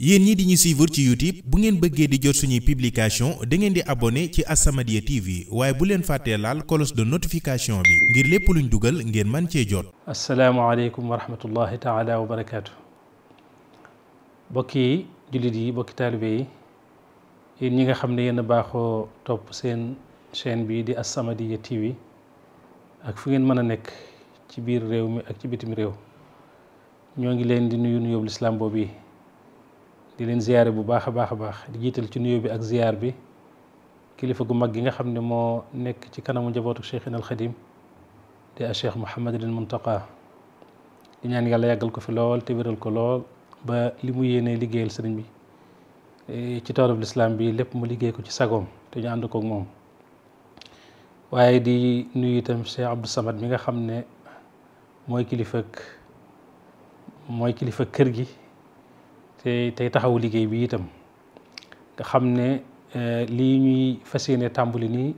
yéen ñi di ñu suivre ci YouTube bu ngeen bëggee di jot suñuy publication da ngeen di abonné ci As-Samadiyya TV waaye bu leen fàttee laal cloche de notification bi ngir lépp luñ dugal ngeen man cee jot. asalaamaaleykum wa rahmatullahi taala wa barakaatu. bokki jullit yi bokki taalibe yi yéen ñi nga xam ne yéen a baaxoo topp seen seen bi di As-Samadiyya TV ak fu ngeen mën a nekk ci biir réew mi ak ci bitim réew ñoo ngi leen di nuyu nuyoo lislaam boobu yi. di leen ziyaare bu baax a baax a baax di jiital ci nuyoo bi ak ziyaar bi kilifa gu mag gi nga xam ne moo nekk ci kanamu njabootu Cheikhina al Xadim di a Cheikh Mouhamadul Muntaqa di ñaan yàlla yàggal ko fi lool te wéral ko lool ba li mu yéenee liggéeyal sëriñ bi eh, ci toolub lislaam bi lépp mu liggéey ko ci sagoom te ñu ànd kook moom waaye di nuyu itam Cheikh Abdou Samad mi nga xam ne mooy kilifa mooy kilifa kër gi tey taxawu liggéey bi itam nga xam ne eh, lii ñuy fas yéene tàmbali nii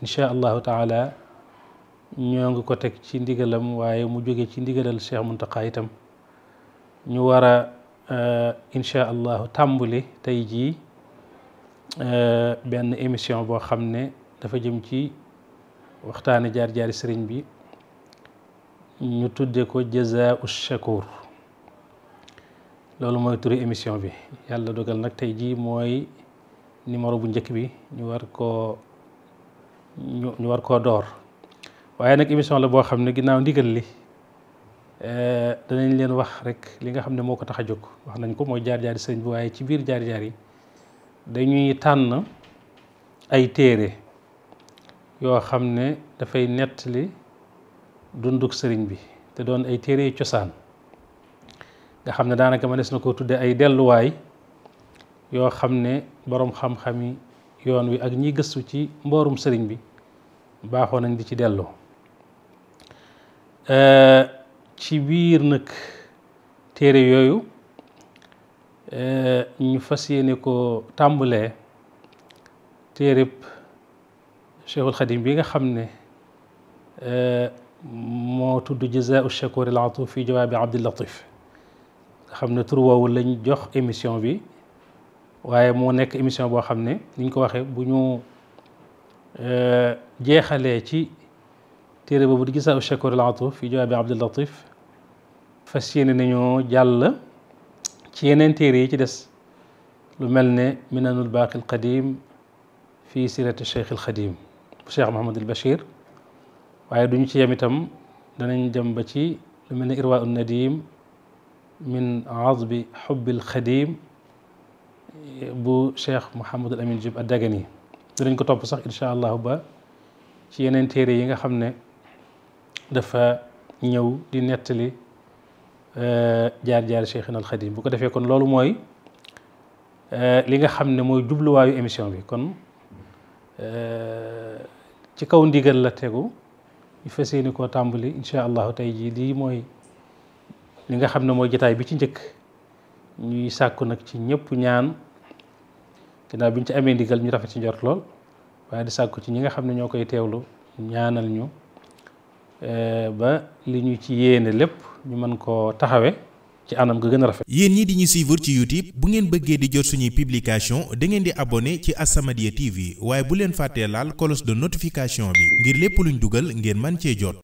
incha allahu taala ñoo ngi ko teg ci ndigalam waaye mu jóge ci ndigalal Cheikh Mountakha itam ñu war a eh, incha allahu tàmbali tey jii eh, benn émission boo xam ne dafa jëm ci waxtaane jaar jaari sëriñ bi ñu tudde ko jazaa'u shakur loolu mooy turu émission bi yàlla dogal nag tey jii mooy numéro bu njëkk bi ñu war koo ñu war koo door waaye nag émission la boo xam ne ginnaaw ndigal li eh, danañ leen wax rek li nga xam ne moo ko tax a jóg wax nañ ko mooy jaar-jaari sëriñ bi waaye ci biir jaar-jaar yi dañuy tànn ay téere yoo xam ne dafay nettali dunduk sëriñ bi te doon ay téere cosaan nga xam ne daanaka ma des na koo tudde ay delluwaay yoo xam ne boroom xam-xami yoon wi ak ñi gëstu ci mboorum sëriñ bi baaxoo nañ di ci delloo ci biir nag téere yooyu ñu fas yéene ko tàmbalee téere Cheikhul Xadim bi nga xam ne moo tudd Jazaau Shakuur al Atuuf fi jawaabi Abdil Latiif xam ne tur woowu lañ jox émission bi waaye moo nekk émission boo xam ne ni ñu ko waxee bu ñu euh, jeexalee ci téere boobu di gisaa Shakur al-Atuf fi jawaabi Abdul Latif fas yéene nañoo jàll ci yeneen téere yi ci des lu mel ne minanul baaqi alqadim fi sirati cheikh alxadim bu cheikh Mahamad al Bachir waaye duñu ci yem itam danañ ci lu mel ne irwa un min azbi xubbil xadim bu cheikh Mouhamadul Amin Diop Adagani dinañ ko topp sax incha allah ba ci yeneen téere yi nga xam ne dafa ñëw di nettali euh, jaar-jaar Cheikhina al Xadim bu ko defee kon loolu mooy euh, li nga xam ne mooy jubluwaayu émission bi kon euh, ci kaw ndigal la tegu ñu fas yéene koo tàmbali incha allahu tey jii lii mooy. li nga xam ne mooy jataay bi ci njëkk ñuy sàkku nag ci ñëpp ñaan ginnaaw bi ñu ci amee ndigal ñu rafet ci njort lool waaye di sàkku ci ñi nga xam ne ñoo koy teewlu ñaanal ñu eh, ba li ñu ci yéene lépp ñu mën koo taxawe ci anam ga gën a rafet. yéen ñi di ñu suivre ci YouTube bu ngeen bëggee di jot suñuy publication da ngeen di abonné ci As-Samadiyya TV waaye bu leen fàttee laal cloche de notification bi ngir lépp luñ dugal ngeen mën cee jot.